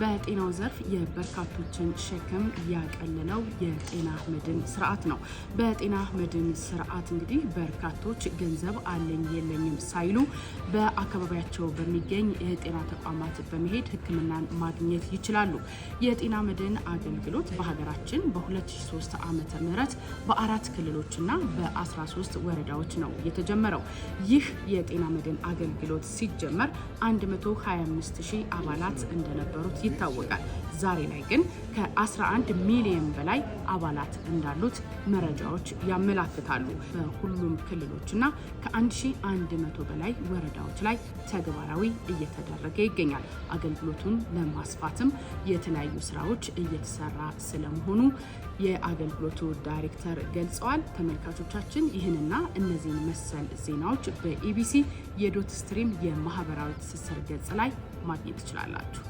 በጤናው ዘርፍ የበርካቶችን ሸክም ያቀለለው የጤና መድን ስርዓት ነው። በጤና መድን ስርዓት እንግዲህ በርካቶች ገንዘብ አለኝ የለኝም ሳይሉ በአካባቢያቸው በሚገኝ የጤና ተቋማት በመሄድ ሕክምናን ማግኘት ይችላሉ። የጤና መድን አገልግሎት በሀገራችን በ2003 ዓመተ ምህረት በአራት ክልሎችና በ13 ወረዳዎች ነው የተጀመረው። ይህ የጤና መድን አገልግሎት ሲጀመር 125 ሺህ አባላት እንደነበሩት ይታወቃል። ዛሬ ላይ ግን ከ11 ሚሊዮን በላይ አባላት እንዳሉት መረጃዎች ያመላክታሉ። በሁሉም ክልሎችና ከ1100 በላይ ወረዳዎች ላይ ተግባራዊ እየተደረገ ይገኛል። አገልግሎቱን ለማስፋትም የተለያዩ ስራዎች እየተሰራ ስለመሆኑ የአገልግሎቱ ዳይሬክተር ገልጸዋል። ተመልካቾቻችን ይህንና እነዚህን መሰል ዜናዎች በኢቢሲ የዶት ስትሪም የማህበራዊ ትስስር ገጽ ላይ ማግኘት ትችላላችሁ።